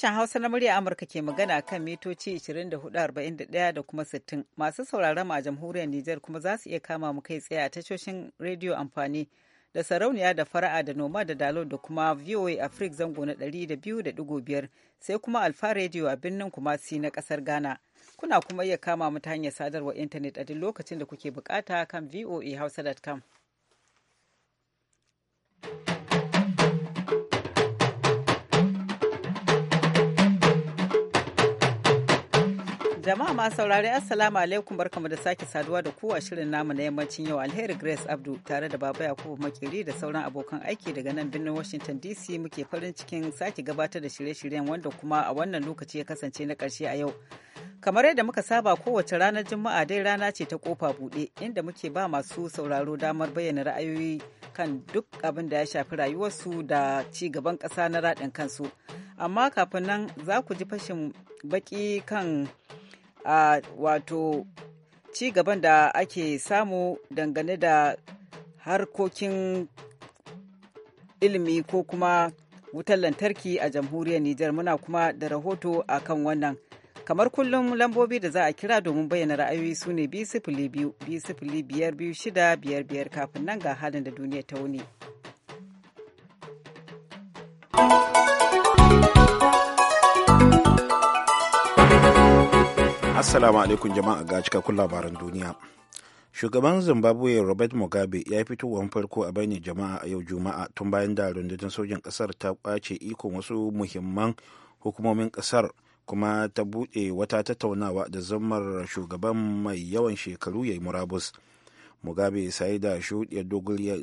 Sashen Hausa na murya Amurka ke magana kan mitoci 24,41 da kuma 60 masu sauraron a jamhuriyar Nijar kuma za su iya kama mu kai tsaye a tashoshin rediyo amfani da sarauniya da fara'a da noma da dalo da kuma VOA afrik zango na 200.5 sai kuma Alfa rediyo a birnin Kumasi na kasar Ghana. Kuna kuma iya kama mu ta hanyar sadarwar intanet a duk lokacin da kuke bukata kan voahausa.com. Jama'a masu saurari Assalamu alaikum barkamu da sake saduwa da kowa shirin namu na yammacin yau Alheri Grace Abdu tare da Baba Yakubu Makiri da sauran abokan aiki daga nan birnin Washington DC muke farin cikin sake gabatar da shirye-shiryen wanda kuma a wannan lokaci ya kasance na karshe a yau. Kamar yadda muka saba kowace ranar Juma'a dai rana ce ta kofa buɗe inda muke ba masu sauraro damar bayyana ra'ayoyi kan duk abin da ya shafi rayuwarsu da ci gaban ƙasa na raɗin kansu. Amma kafin nan za ku ji fashin baki kan a wato ci gaban da ake samu dangane da harkokin ilimi ko kuma wutar lantarki a jamhuriyar Nijar muna kuma da rahoto a kan wannan. Kamar kullum lambobi da za a kira domin bayyana ra'ayoyi su ne biyu sifili biyu biyar biyu shida biyar biyar kafin nan ga halin da duniya ta wuni. Assalamu alaikum jama'a ga cikakkun labaran duniya. Shugaban Zimbabwe Robert Mugabe ya fito fitowar farko a bainin jama'a a yau Juma'a tun bayan da rundunar sojin kasar ta kwace ikon wasu muhimman hukumomin kasar kuma ta buɗe wata tattaunawa da zammar shugaban mai yawan shekaru ya yi murabus. Mugabe sai da shuɗe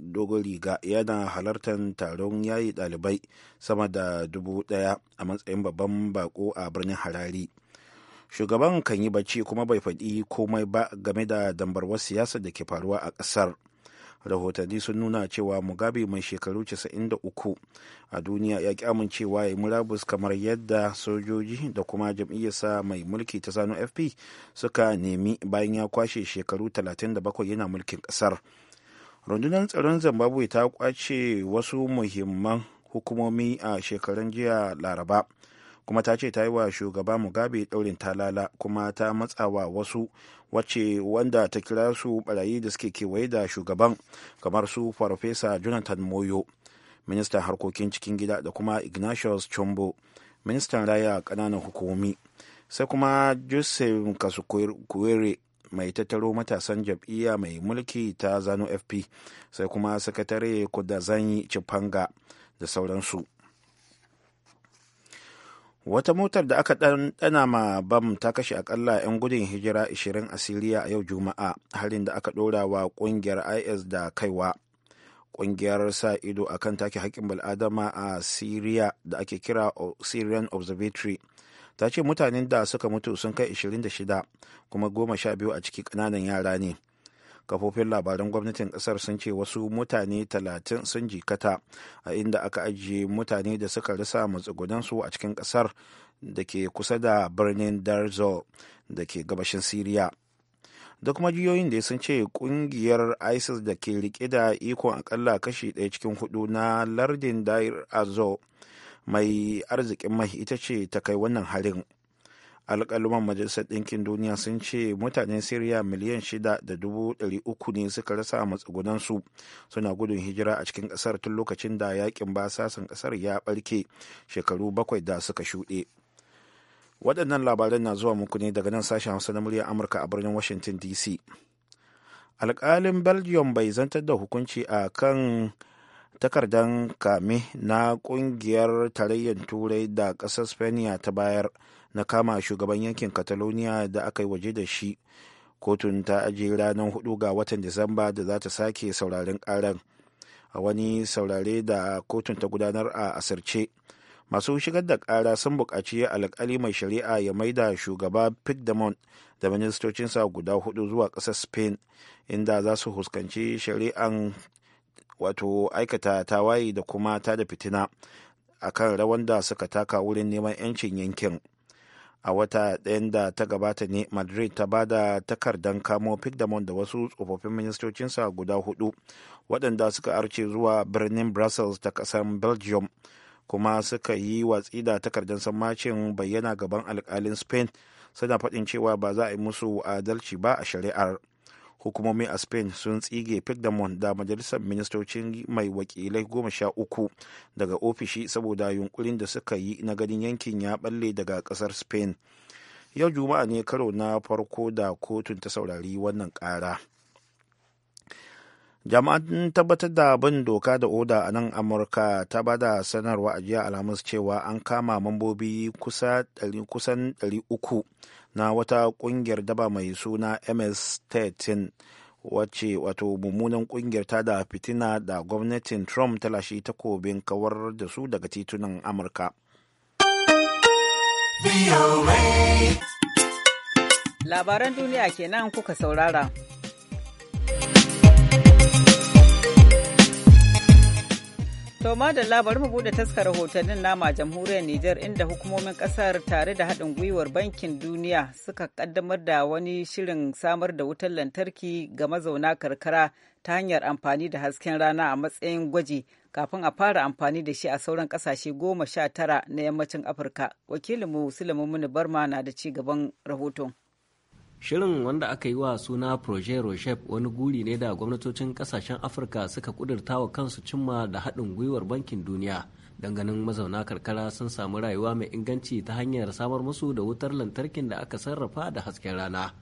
dogon riga yana halartar taron yayi ɗalibai sama da dubu ɗaya a matsayin babban bako a birnin Harare. shugaban kan yi bacci kuma bai faɗi komai ba game da dambarwar siyasa da ke faruwa a ƙasar rahotanni sun nuna cewa mugabe mai shekaru 93 a duniya ya ki amincewa ya yi murabus kamar yadda sojoji da kuma jam'iyyarsa mai mulki ta sanu fp suka nemi bayan ya kwashe shekaru 37 yana mulkin ƙasar rundunar tsaron zimbabwe ta kwace wasu muhimman hukumomi a shekarun jiya laraba kuma ta ce ta yi wa shugaba mugabe ɗaurin talala kuma ta matsawa wasu wacce wanda ta kira su barayi da suke kewaye da shugaban kamar su farfesa jonathan moyo ministan harkokin cikin gida da kuma ignatius chombo ministan raya kananan hukumi sai kuma joseph kasukwere mai tattaro matasan jam'iyya mai mulki ta zano fp sai kuma sakatare kudazanyi cipanga da sauransu wata motar da aka ɗanɗana ma bam ta kashe akalla 'yan gudun hijira 20 a siriya a yau juma'a halin da aka ɗora wa ƙungiyar is da kaiwa ƙungiyar sa ido a kan take haƙƙin bal'adama a siriya da ake kira syrian observatory ta ce mutanen da suka mutu sun kai 26 kuma 12 a ciki ƙananan yara ne kafofin labaran gwamnatin kasar sun ce wasu mutane talatin sun jikata a inda aka ajiye mutane da suka rasa matsugunansu a cikin kasar da ke kusa da birnin darzo da ke gabashin siriya da kuma jiyoyin da sun ce kungiyar isis da ke rike da ikon akalla kashi ɗaya cikin hudu na lardin dair azo mai arzikin mai ita ce ta kai wannan harin alƙaluman majalisar ɗinkin duniya sun ce mutanen siriya miliyan shida da dubu ɗari uku ne suka rasa matsugunansu suna gudun hijira a cikin ƙasar tun lokacin da yakin basasin ƙasar ya ɓarke shekaru bakwai da suka shuɗe waɗannan labaran na zuwa muku ne daga nan sashen hausa na muryar amurka a birnin washington dc alƙalin belgium bai zantar da hukunci a kan takardar kame na ƙungiyar tarayyar turai da ƙasar spaniya ta bayar na kama shugaban yankin catalonia da aka yi waje da shi kotun ta ajiye ranar hudu ga watan disamba da za ta sake sauraren karan a wani saurare da kotun ta gudanar a asirce masu shigar da kara sun buƙaci alƙali mai shari'a ya maida shugaba pigdemont da ministocinsa guda hudu zuwa ƙasar spain inda za su huskanci shari'an wato aikata tawaye da kuma ta da fitina akan rawan da suka taka wurin neman 'yancin yankin a wata ɗayan da ta gabata ne madrid ta ba da takardar kamo pigdamon da wasu tsofaffin ministocinsa guda hudu waɗanda suka arce zuwa birnin brussels ta ƙasar belgium kuma suka yi watsi da takardar sammacin bayyana gaban alkalin spain suna faɗin cewa ba za a yi musu adalci ba a shari'ar hukumomi a spain sun tsige pigdamon da majalisar ministocin mai wakilai goma sha uku daga ofishi saboda yunkurin da suka yi na ganin yankin ya balle daga kasar spain yau juma'a ne karo na farko da kotun ta saurari wannan kara jama'an tabbatar da bin doka da oda a nan amurka ta ba da sanarwa a jiya alhamis cewa an kama mambobi kusan 300 na wata kungiyar daba mai suna ms-13 wacce wato mummunan kungiyar ta da fitina da gwamnatin trump ta lashe takobin kawar da su daga titunan amurka labaran duniya kenan kuka saurara To da bari mu bude taskar rahotannin nama jamhuriyar Nijar inda hukumomin kasar tare da haɗin gwiwar bankin duniya suka kaddamar da wani shirin samar da wutar lantarki ga mazauna karkara ta hanyar amfani da hasken rana a matsayin gwaji kafin a fara amfani da shi a sauran kasashe goma sha tara na yammacin Afirka. Wakilinmu Sulaiman Muni Barma na da ci gaban rahoton. Shirin wanda aka yi wa suna Projet Rochef wani guri ne da gwamnatocin kasashen Afirka suka kudurta wa kansu cimma da haɗin gwiwar bankin duniya. Danganin mazauna karkara sun samu rayuwa mai inganci ta hanyar samar musu da wutar lantarkin da aka sarrafa da hasken rana.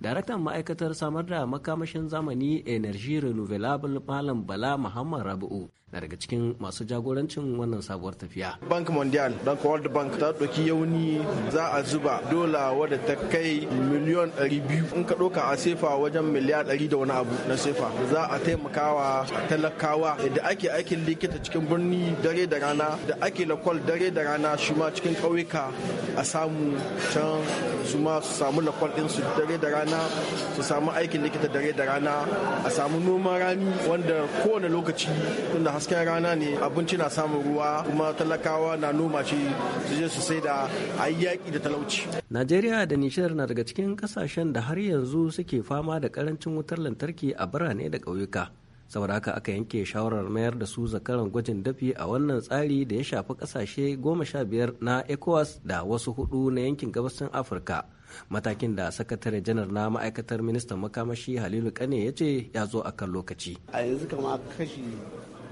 Daraktan ma'aikatar samar da makamashin zamani Energy Renewable Malam Bala Muhammad Rabu'u na daga cikin masu jagorancin wannan sabuwar tafiya. Bank Mondial don World Bank ta ɗauki yauni za a zuba dola wadda ta kai miliyon 200 in ka ɗauka a sefa wajen miliyar 100 da wani abu na sefa za a taimakawa talakawa da ake aikin likita cikin birni dare da rana da ake lakwal dare da rana shi ma cikin ƙauyuka a samu can su ma su samu lakwal ɗin su dare da rana su samu aikin likita dare da rana a samu noman rani wanda kowane lokaci tunda hasken rana ne abinci na samun ruwa kuma talakawa na noma shi su je su sai da a yi yaƙi da talauci. Najeriya da Nishar na daga cikin kasashen da har yanzu suke fama da karancin wutar lantarki a birane da ƙauyuka. saboda haka aka yanke shawarar mayar da su zakaran gwajin dafi a wannan tsari da ya shafi kasashe goma sha biyar na ecowas da wasu hudu na yankin gabasin afirka matakin da sakatare janar na ma'aikatar ministan makamashi halilu kane ya ce ya zo a kan lokaci a yanzu kama kashi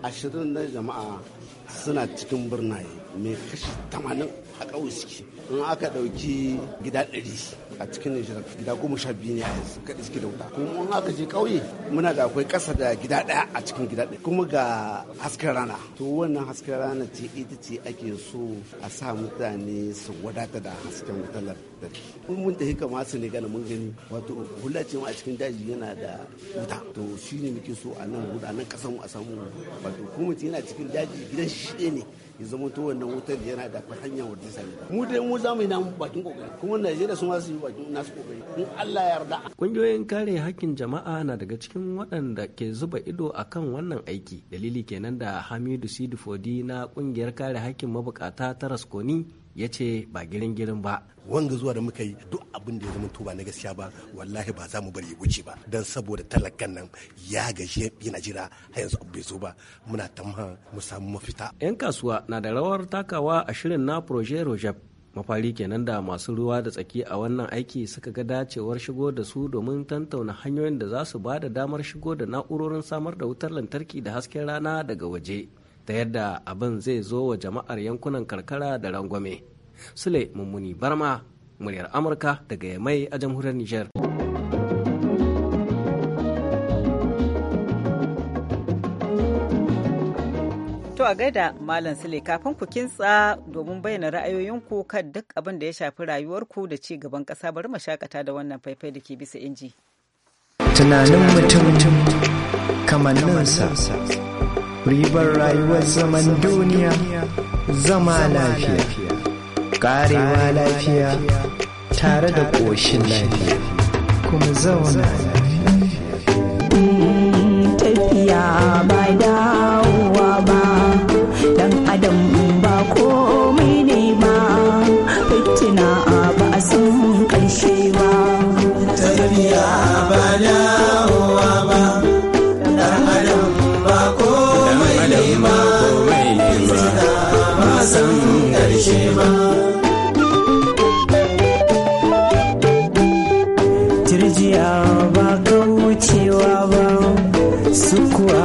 ashirin na jama'a suna cikin birnaye mai kashi tamanin a ƙauye suke in aka ɗauki gida ɗari a cikin Nijar gida goma sha biyu ne a yanzu kaɗai suke da wuta kuma in aka je ƙauye muna da akwai ƙasa da gida ɗaya a cikin gida ɗaya kuma ga hasken rana to wannan hasken rana ce ita ce ake so a sa mutane su wadata da hasken wutar lantarki in mun tafi kama su ne gana mun gani wato hula ce a cikin daji yana da wuta to shi ne muke so a nan wuta nan ƙasar a samu wato kuma yana cikin daji gidan shi ne ya zama to wannan wutar yana da hanyar wadda sami mu dai mu za mu yi namu bakin kokari kuma najeriya su ma su yi bakin nasu kokari in allah ya yarda kungiyoyin kare hakkin jama'a na daga cikin waɗanda ke zuba ido akan wannan aiki dalili kenan da hamidu sidifodi na kungiyar kare hakkin mabukata ta raskoni ya ce ba girin girin ba wanga zuwa da muka yi duk abin da ya zama tuba na gaskiya ba wallahi ba za mu bari ya wuce ba don saboda talakan nan ya gaje yana jira har yanzu abu bai zo ba muna tamha mu samu mafita yan kasuwa na da rawar takawa a shirin na projet rojab mafari kenan da masu ruwa da tsaki a wannan aiki suka ga dacewar shigo da su domin tantauna hanyoyin da za su ba da damar shigo da na'urorin samar da wutar lantarki da hasken rana daga waje ta yadda abin zai zo wa jama'ar yankunan karkara da rangwame sule mummuni barma muryar amurka daga yamai a jamhuriyar niger. To a gaida Malam Sule kafin ku kintsa domin bayyana ra'ayoyinku kan duk abin da ya shafi rayuwarku da ci gaban ƙasa bari mu shakata da wannan faifai da ke bisa inji. Tunanin mutum kamanninsa ribar rayuwar zaman duniya zama lafiya karewa lafiya tare da ƙoshin lafiya kuma zauna lafiya. Mm, adam ba komai ne ba fitina ba a san ƙarshe ba tarbiya ba dawowa ba dan adam ba komai ne ba fitina ba a san ƙarshe ba turjiya ba kaucewa ba kuwa.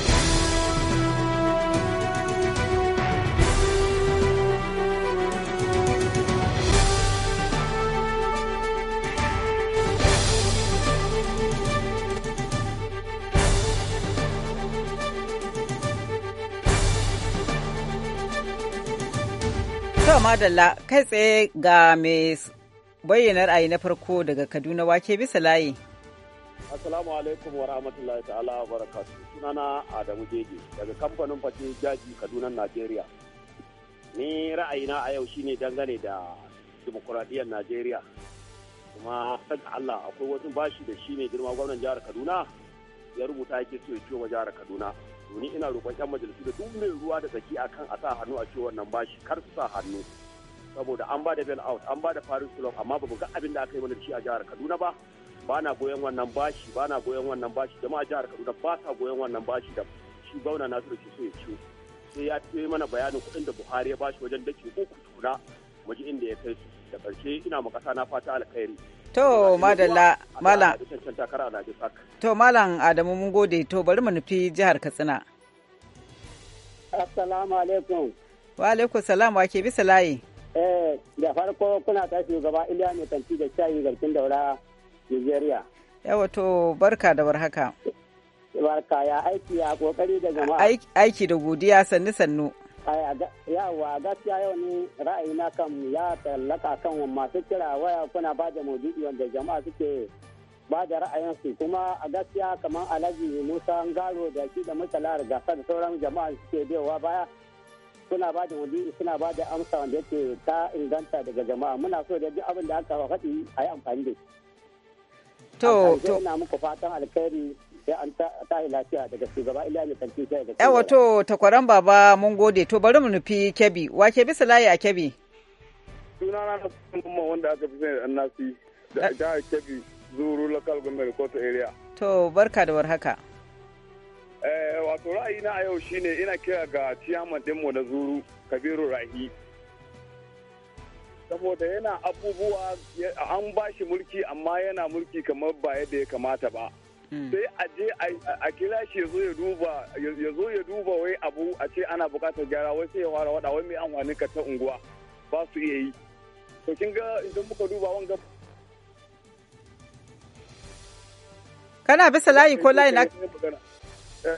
To madalla kai tsaye ga mai bayyana ra'ayi na farko daga Kaduna wake bisa layi. Assalamu alaikum wa rahmatullahi ta'ala wa barakatu. Sunana Adamu Jeje daga kamfanin fashe jaji Kaduna Najeriya. Ni ra'ayina a yau shine dangane da dimokuraɗiyyar Najeriya. Kuma saka Allah akwai wasu bashi da shi ne girma gwamnan jihar Kaduna ya rubuta yake so ya ciwo jihar Kaduna. to ina roƙon yan majalisu da duk mai ruwa da tsaki akan a sa hannu a ce wannan bashi kar su sa hannu saboda an ba da bail out an ba da farin sulon amma ba ga abin da aka yi mana shi a jihar kaduna ba ba na goyon wannan bashi ba na goyon wannan bashi jama'a jihar kaduna ba sa goyon wannan bashi da shi gwamna nasiru ke so ya ciwo sai ya ce mana bayanin kuɗin da buhari ya bashi wajen dake uku tukuna mu inda ya kai su da ƙarshe ina ma ƙasa na fata alkhairi To madalla malam. To malam Adamu mun gode to bari mu nufi jihar Katsina. Assalamu alaikum. Wa alaikum salam wa ke bisa layi. Eh da farko kuna ta gaba Iliya ne kanti da shayi garkin daura Nigeria. Yawa to barka da warhaka. Barka ya aiki ya kokari da jama'a. Aiki da godiya sannu sannu. yawa gaskiya yau ne ra'ayina kan ya tallaka kan masu kira waya kuna ba da maudu'i wanda jama'a suke ba da ra'ayinsu kuma a gaskiya kamar alhaji musa ngaro da shi da da gasa da sauran jama'a suke biyowa baya suna ba da maudu'i suna ba da amsa wanda yake ta inganta daga jama'a muna so da duk abin da aka faɗi a yi amfani da shi. To, to. muku fatan alkhairi Ya an ila to takwaran baba mun gode to bari mu nufi kebi ke bisa layi a kebi sunana na kuma wanda aka fi sani da nasi da jihar kebi zuru local government court area to barka da warhaka eh, wato ra'ayi na a yau shine ina kira ga ciyaman dinmu da zuru kabiru rahi saboda yana abubuwa an ba shi mulki amma yana mulki kamar ba yadda ya kamata ba Mm. sai a je a kira shi ya zo ya duba ya zo ya duba wai abu a ce ana bukatar gyara wai sai ya fara wada wai mai amfani ka ta unguwa ba su iya yi to kin ga idan muka duba wanga kana bisa layi ko layi na eh.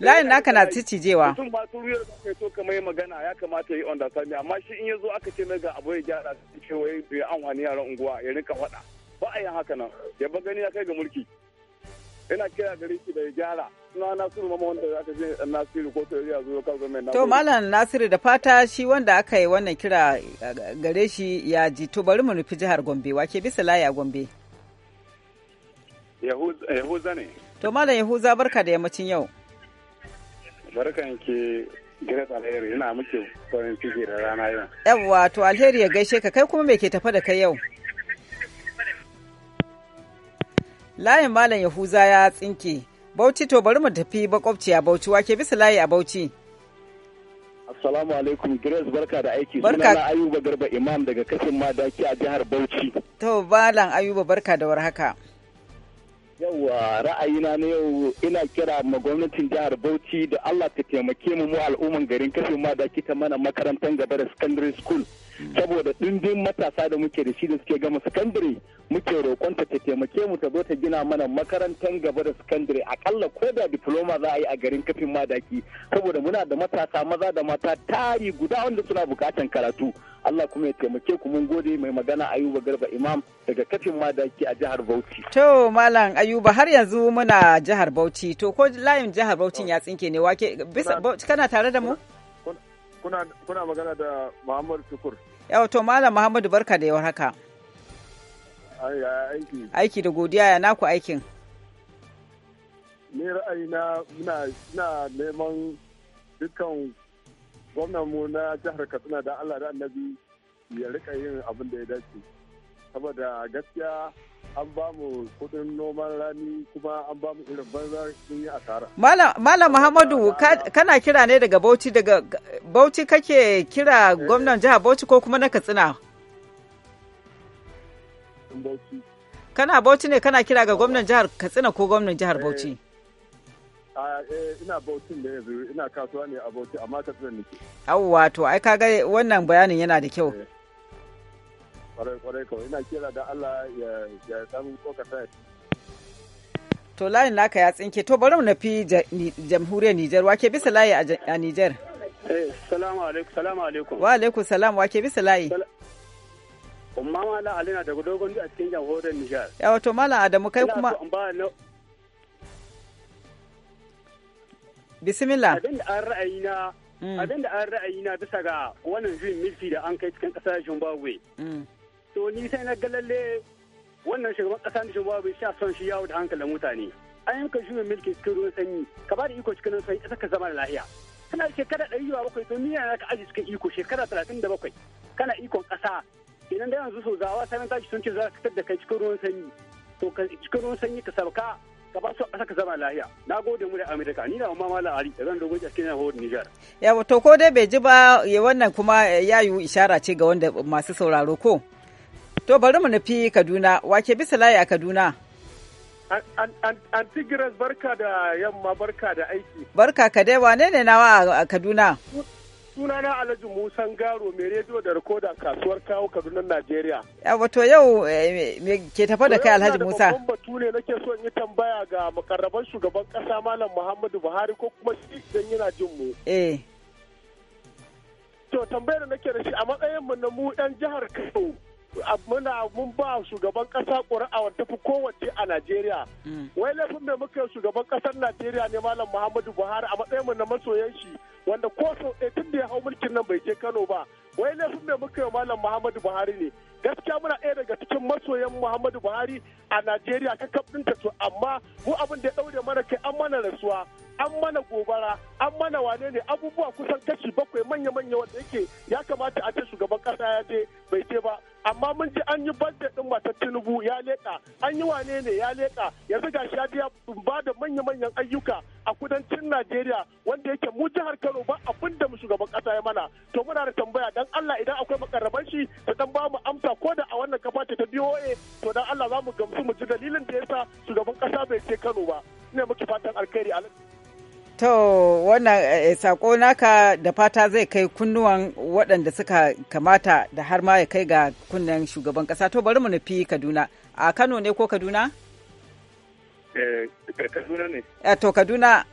layin eh, naka na cicijewa. Mutum ba su ruwa kai so ka yi magana ya kamata ya yi understand amma shi in ya zo aka ce mai ga abu ya gyara cewa ya yi amfani yaran unguwa ya rinka faɗa. Ba a yi haka nan ya ba gani ya kai ga mulki. ina kira gare shi da ya gyara suna nasiru mama wanda aka je nasiru ko a zuwa kawo gwamnati to malam nasiru da fata shi wanda aka yi wannan kira eh, gare shi ya ji to bari mu nufi jihar gombe wake bisa laya gombe yahuza ne to malam yahuza barka da yammacin yau barkan ki Grace Alheri ina muke farin ciki da rana yau. Yawwa to Alheri ya gaishe ka kai kuma me ke tafa da kai yau? layin malam yahuza ya tsinke bauchi to bari mu tafi bakwabci a bauchi wake bisa layi a bauchi assalamu alaikum grace barka da aiki barka na ayuba garba imam daga kashin madaki a jihar bauchi to balan ayuba barka da warhaka haka Yauwa ra'ayina na yau ina kira ma gwamnatin jihar Bauchi da Allah ta taimake mu mu al'umman garin kashe ma da kita mana makarantar gaba da secondary school. Hmm. Saboda ɗindin matasa da muke da shi da suke gama secondary muke roƙonta ta taimake mu ta zo ta gina mana makarantar gaba da secondary akalla ko da diploma za a yi a garin kafin madaki saboda muna da matasa maza da mata tari guda wanda suna bukatan karatu Allah kuma ya taimake ku mun gode mai magana Ayuba Garba Imam daga kafin madaki a jihar Bauchi. To Malam Ayuba har yanzu muna jihar Bauchi to ko layin jihar Bauchi ya tsinke ne wake kana tare da mu? Kuna kuna magana da Muhammadu Tukur. Yau to Malam Muhammadu barka da yau haka. aiki. Aiki da godiya ya naku aikin. Ni ra'ayi na muna neman dukkan gwamnan mu na jihar katsina da allah da annabi ya rika yin abin da ya dace saboda gaskiya an ba mu kudin noman rani kuma an ba mu irin banza sun yi asara. mala Muhammadu kana kira ne daga Bauchi daga Bauchi kake kira gwamnan eh. jihar Bauchi ko kuma na Katsina? Kana Bauchi ne kana kira ga gwamnan jihar Katsina ko gwamnan jihar Bauchi? Eh. Eh, ina bautin da yanzu ina kasuwa ne a bauti amma ka tsinan nake yawwa to ai kaga wannan bayanin yana da kyau eh. kwarai kwarai kawai ina kira da Allah ya samu kokata to layin naka ya tsinke to bari mu nafi jamhuriyar Nijar wake bisa layi a Nijar eh, salamu alaikum salamu alaikum wa alaikum salam wake bisa layi umma mala alina daga dogon a cikin jamhuriyar Nijar yawa to mala Adamu kai kuma Bismillah. Abin da an na mm. abin da an na bisa ga wannan juyin milki da an kai cikin ƙasar Zimbabwe. Mm. To ni sai na ga lalle wannan shugaban kasar Zimbabwe sha son shi yawo da hankalin mutane. An yanka juyin milki cikin ruwan sanyi ka ba da iko cikin ruwan sanyi ka zama da lahiya. Kana shekara ɗari zuwa bakwai to miya ka aji cikin iko shekara talatin da bakwai kana ikon ƙasa idan da yanzu so zawa sanin tashi sun ce za ka fitar da kai cikin ruwan sanyi to cikin ruwan sanyi ka sabka ka ba su saka zama lahiya na gode mu da amurka ni na ma mala da zan dogon cikin yawon nijar ya to ko dai bai ji ba wannan kuma eh, ya yi ishara ce ga wanda masu sauraro ko to bari mu nufi kaduna wake bisa layi a kaduna Antigiras barka da yamma barka da aiki. Barka ka dai wane ne nawa a Kaduna? sunana alhaji musan garo mai rediyo da rikoda kasuwar kawo kaduna najeriya wato yau eh, me ke tafa da kai alhaji musa babban batu ne nake so in yi tambaya ga makarraban shugaban kasa malam muhammadu buhari ko kuma shi idan yana jin mu eh to tambayar nake da shi a matsayin mu na mu dan jihar kano muna mun ba shugaban kasa ƙuri'a wanda fi kowace a Najeriya. Mm. Wai laifin mai muka shugaban kasar Najeriya ne Malam Muhammadu Buhari a matsayin mu na masoyan shi wanda ko ɗaya tun da ya hau mulkin nan bai je Kano ba wai laifin mai muka yi malam Muhammadu Buhari ne gaskiya muna ɗaya daga cikin masoyan muhammadu buhari a najeriya kakaf ɗinta to amma mu abin da ya ɗaure mana kai an mana rasuwa an mana gobara an mana wane ne abubuwa kusan kashi bakwai manya-manya wanda yake ya kamata a ce shugaban kasa ya je bai je ba amma mun ji an yi budget din matar tinubu ya leka an yi wane ne ya leka yanzu gashi ya biya ba da manya-manyan ayyuka a kudancin najeriya wanda yake mu jihar kano ba abin da mu shugaban kasa ya mana to muna da tambaya dan allah idan akwai makarraban shi ta dan ba mu amsa sa ko da a wannan kafa ta BOA to dan Allah za mu gamsu mu ji dalilin da yasa shugaban kasa bai ce Kano ba ina miki fatan alkhairi To wannan eh, sako naka da fata zai kai kunnuwan waɗanda suka kamata da har ma ya kai ga kunnen shugaban ƙasa. To bari mu nufi Kaduna. A Kano ne ko Kaduna? Eh, Kaduna ne. Eh, to Kaduna.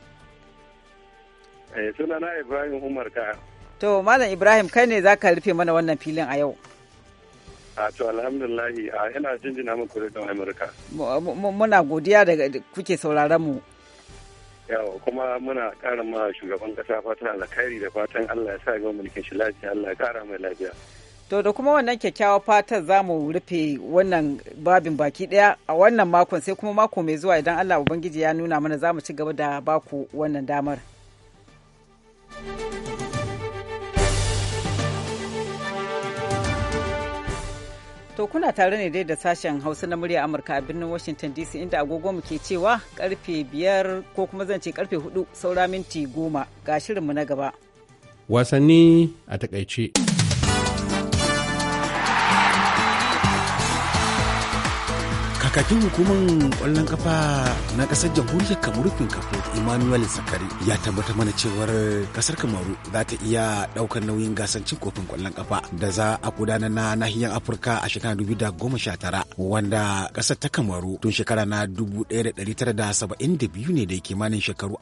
Sunana Ibrahim Umar ka. To Malam Ibrahim kai ne za ka rufe mana wannan filin a yau. to alhamdulillahi a yana jinjina muku da amurka muna godiya da kuke sauraron mu yawo kuma muna kara ma shugaban kasa fatan alkhairi da fatan allah ya sa ga mulkin shi lafiya allah ya kara mai lafiya to da kuma wannan kyakkyawa fatan za mu rufe wannan babin baki daya a wannan makon sai kuma mako mai zuwa idan allah ubangiji ya nuna mana za mu ci gaba da baku wannan damar. To kuna tare ne dai da sashen Hausa na murya Amurka a birnin Washington DC inda agogo mu ke cewa karfe biyar ko kuma zan ce karfe hudu saura minti goma ga shirinmu na gaba. Wasanni a takaice. kakakin hukumar kwallon kafa na kasar jamhuriyar kamaru kafa emmanuel zakari ya tabbata mana cewar kasar kamaru za ta iya daukar nauyin gasar cin kofin kwallon kafa da za a gudanar na nahiyar afirka a shekara 2019 wanda kasar ta kamaru tun shekara na biyu ne da kimanin shekaru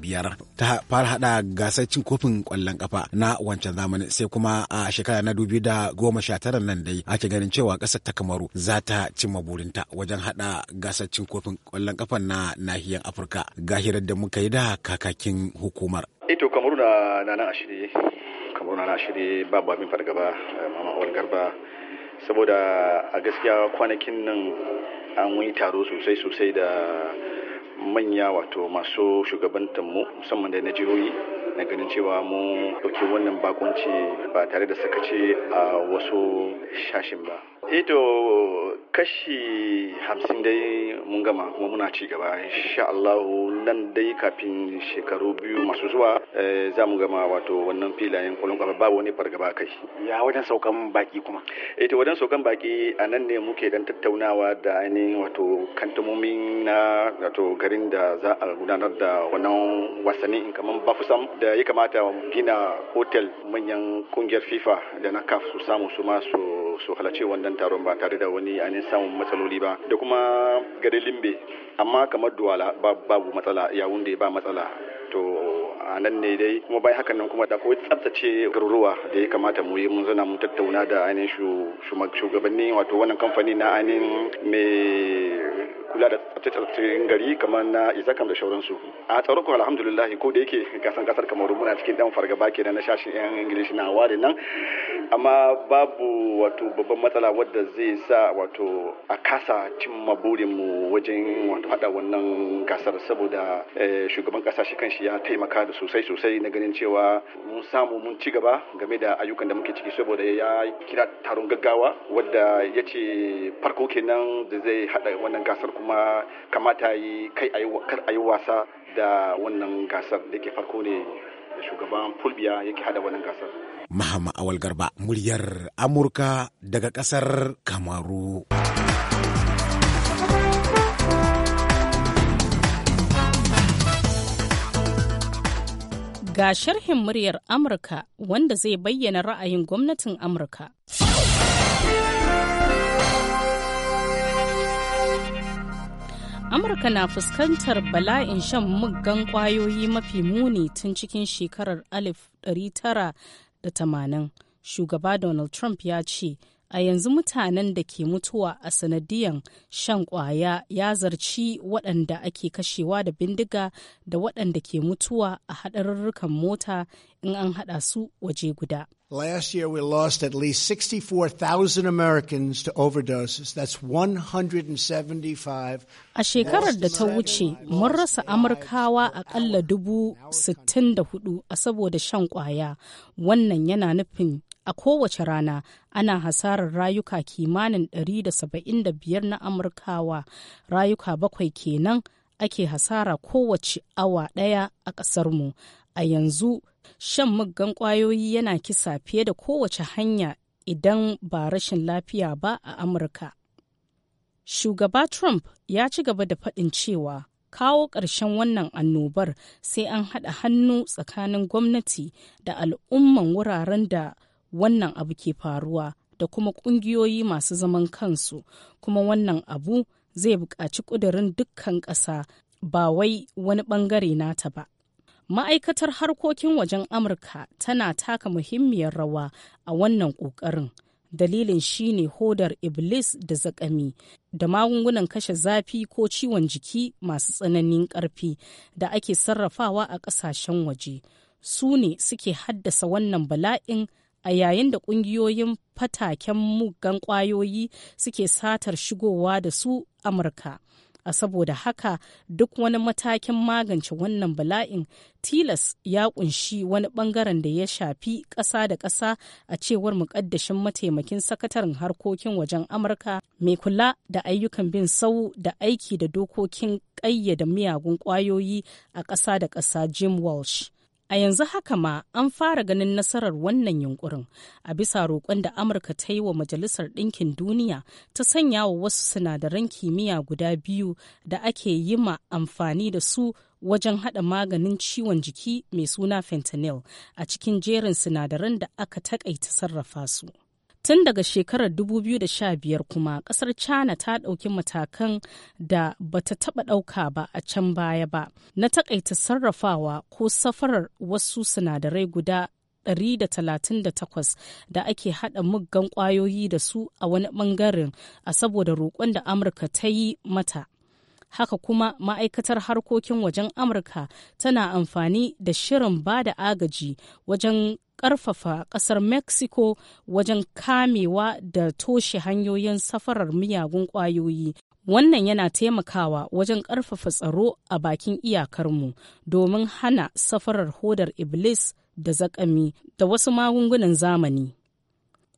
biyar ta fara hada gasar cin kofin kwallon kafa na wancan zamani sai kuma a shekara na 2019 nan dai ake ganin cewa kasar ta kamaru za ta cimma burinta wajen hada gasar kofin kwallon kafa na nahiyar afirka ga hirar da muka yi da kakakin hukumar ito eh kamaru na nan a shirye na nan a babu abin fargaba eh, mama awar garba saboda a gaskiya kwanakin nan an wani taro sosai sosai da manya wato masu shugabantar mu musamman da na jihohi na ganin cewa mu dauke wannan bakunci ba tare da sakaci a wasu shashin ba ido eh kashi hamsin dai mun gama kuma muna ci gaba insha Allahu nan dai kafin shekaru biyu masu zuwa eh, za mu gama wato wannan filayen kwallon kafa babu wani fargaba kai. Ya wajen saukan baki kuma. Ito eh wajen saukan baki a nan ne muke dan tattaunawa da ainihin wato kantamomin na wato garin da za a gudanar da wannan wasanni kamar bafusam da ya kamata gina hotel manyan kungiyar FIFA da na kaf su samu su ma su su halarci wannan taron ba tare da wani ainihin samun matsaloli ba da kuma gari limbe amma kamar duwala babu matsala yawun da ba matsala to a nan ne dai kuma bayan hakan nan kuma da akwai tsabtace garuruwa da ya kamata mu yi mun zana mun tattauna da ainihin shugabanni wato wannan kamfani na ainihin mai kula da tsabtace gari kamar na kam da shauransu a tsaro kuma alhamdulillah ko da yake kasan kasar kamar muna cikin dan fargaba kenan na shashin yan ingilishi na da nan amma babu wato babban matsala wadda zai sa wato a kasa cimma burin mu wajen wato hada wannan gasar saboda eh, shugaban kasa shi kanshi ya taimaka da sosai sosai na ganin cewa mun samu mun ci gaba game da ayyukan da muke ciki saboda ya kira taron gaggawa wadda ya ce farko kenan da zai hada wannan gasar kuma kamata yi kai kar a yi wasa da wannan gasar da ke farko ne da shugaban fulbiya yake hada wannan gasar. Mahama Awal Garba, muryar Amurka daga kasar Kamaru. Ga sharhin muryar Amurka wanda zai bayyana ra'ayin gwamnatin Amurka. Amurka na fuskantar bala'in shan muggan kwayoyi mafi muni tun cikin shekarar 1980. Shugaba Donald Trump ya ce a yanzu mutanen da ke mutuwa a sanadiyan shan kwaya ya zarci waɗanda ake kashewa da bindiga da waɗanda ke mutuwa a haɗarurrukan mota in an haɗa su waje guda. Last year, we lost at least 64,000 Americans to overdoses. That's 175. A shekarar da ta wuce, mun rasa Amurkawa aƙalla dubu 64 a saboda shan ƙwaya. Wannan yana nufin a kowace rana ana hasarar rayuka kimanin 175 na amurkawa rayuka bakwai kenan ake hasara kowace awa ɗaya a ƙasarmu a yanzu shan muggan ƙwayoyi yana kisa fiye da kowace hanya idan ba rashin lafiya ba a amurka shugaba trump ya ci gaba da faɗin cewa kawo ƙarshen wannan annobar sai an haɗa hannu tsakanin gwamnati da al'umman wuraren da wannan abu ke faruwa da kuma ƙungiyoyi masu zaman kansu kuma wannan abu zai buƙaci ƙudurin dukkan ƙasa ba wai wani ɓangare nata ba. Ma'aikatar harkokin wajen Amurka tana taka muhimmiyar rawa a wannan ƙoƙarin. Dalilin shi ne hodar Iblis da zakami da magungunan kashe zafi ko ciwon jiki masu tsananin ƙarfi da ake sarrafawa a ƙasashen waje. Su ne suke haddasa wannan bala'in a yayin da ƙungiyoyin fataken muggan ƙwayoyi suke satar shigowa da su Amurka. A saboda haka duk wani matakin magance wannan bala'in tilas ya kunshi wani bangaren da ya shafi ƙasa da ƙasa a cewar muƙaddashin mataimakin sakataren harkokin wajen Amurka mai kula da ayyukan bin sau da aiki da dokokin ƙayyada miyagun ƙwayoyi a ƙasa da ƙasa Jim Walsh. A yanzu haka ma an fara ganin nasarar wannan yunkurin a bisa roƙon da Amurka ta yi wa Majalisar Ɗinkin Duniya ta sanya wa wasu sinadaran kimiyya guda biyu da ake yi ma amfani da su wajen haɗa maganin ciwon jiki mai suna fentanyl a cikin jerin sinadaran da aka taƙaita sarrafa su. Tun daga shekarar 2015 kuma kasar China ta ɗauki matakan da bata taba ɗauka ba a can baya ba na takaita sarrafawa ko safarar wasu sinadarai guda 138 da ake hada muggan kwayoyi da su a wani bangaren a saboda roƙon da amurka ta yi mata haka kuma ma'aikatar harkokin wajen amurka tana amfani da shirin ba da agaji wajen karfafa kasar mexico wajen kamewa da toshe hanyoyin safarar miyagun kwayoyi wannan yana taimakawa wajen karfafa tsaro a bakin iyakarmu domin hana safarar hodar iblis da zakami da wasu magungunan zamani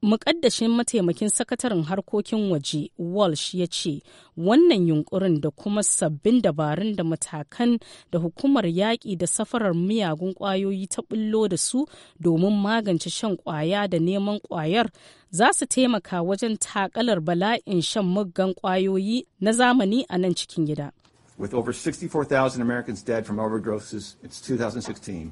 mukaddashin mataimakin sakataren harkokin waje walsh ya ce wannan yunkurin da kuma sabbin dabarun da matakan da hukumar yaƙi da safarar miyagun ƙwayoyi ta bullo da su domin magance shan ƙwaya da neman ƙwayar za su taimaka wajen takalar bala'in shan muggan ƙwayoyi na zamani a nan cikin gida With over 64,000 Americans dead from overdoses since 2016,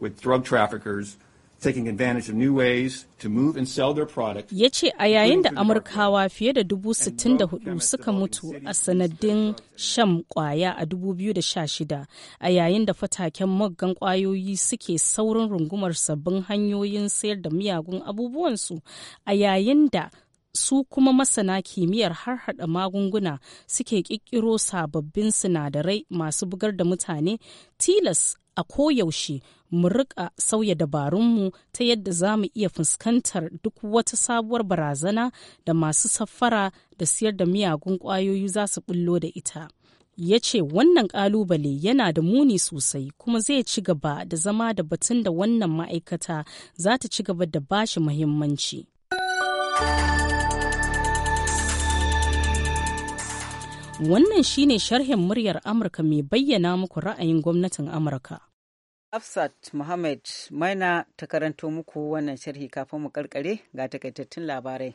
with drug traffickers taking advantage ways to move and sell their product. Ya ce a yayin da Amurkawa fiye da dubu sittin da hudu suka mutu a sanadin shan kwaya a 2016 a yayin da fataken maggan kwayoyi suke saurin rungumar sabbin hanyoyin sayar da miyagun abubuwansu a yayin da su kuma masana kimiyyar har hada magunguna suke ƙirƙiro sababbin sinadarai masu bugar da mutane tilas a koyaushe mu rika sauya dabarunmu ta yadda za mu iya fuskantar duk wata sabuwar barazana da masu safara da siyar da miyagun ƙwayoyi za su bullo da ita. ya ce wannan kalubale yana da muni sosai kuma zai ci gaba da zama da batun da wannan ma'aikata za ta ci gaba da bashi muhimmanci. Wannan shine sharhin muryar Amurka mai bayyana muku ra'ayin gwamnatin Amurka. Hafsat Muhammad Maina ta karanto muku wannan sharhi kafin mu karkare ga takaitattun labarai.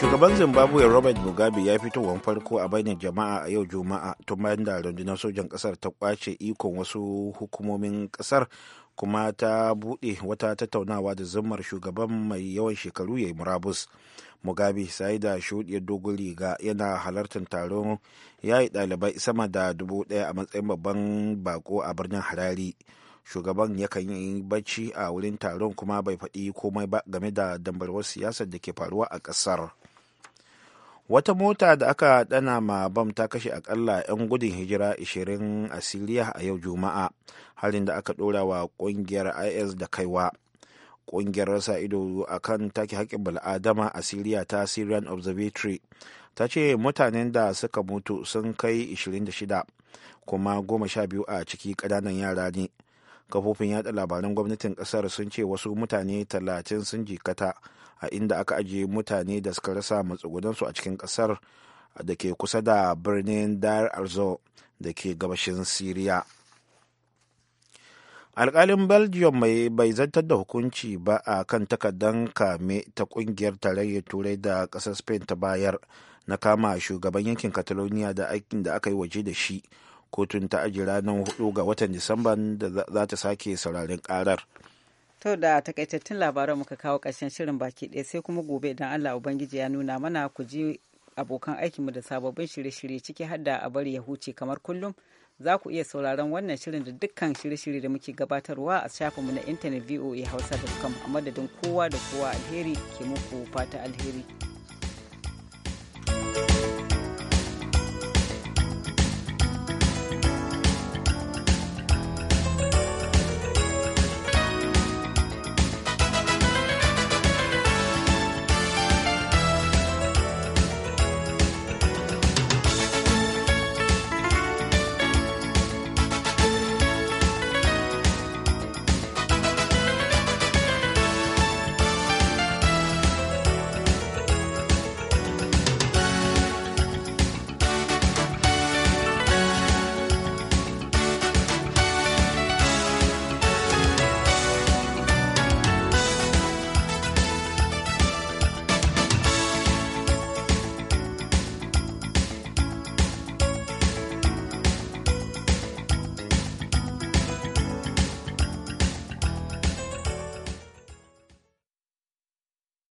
Shugaban Zimbabwe Robert Mugabe ya fito fitowar farko a bainin jama'a a yau Juma'a tun bayan da rundunar sojan ƙasar ta kwace ikon wasu hukumomin ƙasar kuma ta buɗe wata tattaunawa da zummar shugaban mai yawan shekaru ya yi murabus mugabe sai da shuɗiyar dogon riga yana halartar taron yayi ɗalibai sama da dubu ɗaya a matsayin babban bako a birnin harari shugaban yakan yi bacci a wurin taron kuma bai faɗi komai ba game da dambarwar siyasar da ke faruwa a ƙasar. wata mota da aka dana ma bam ta kashe akalla 'yan gudun hijira 20 a siriya a yau juma'a halin da aka dora wa kungiyar is da kaiwa kungiyar rasa ido a kan take haƙƙin bal'adama a siriya ta syrian observatory ta ce mutanen da suka mutu sun kai 26 kuma 12 a ciki ƙananan yara ne kafofin yada labaran gwamnatin kasar sun ce wasu mutane talatin sun jikata a inda aka ajiye mutane da suka rasa matsugunansu a cikin kasar da ke kusa da birnin dar arzo da ke gabashin siriya alkalin belgium mai bai zantar da hukunci ba a kan takardar kame ta kungiyar tarayyar turai da kasar spain ta bayar na kama shugaban yankin catalonia da aikin da aka yi waje da shi kotun ta aji ranar huɗu ga watan disamba da za ta sake sauraren karar to da takaitattun labaran muka kawo ƙarshen shirin baki ɗaya sai kuma gobe idan allah ubangiji ya nuna mana ku ji abokan aikinmu da sababbin shirye-shirye ciki har da a bari ya huce kamar kullum za ku iya sauraron wannan shirin da dukkan shirye-shirye da muke gabatarwa a shafinmu na intanet voa hausa.com a madadin kowa da kowa alheri ke muku fata alheri.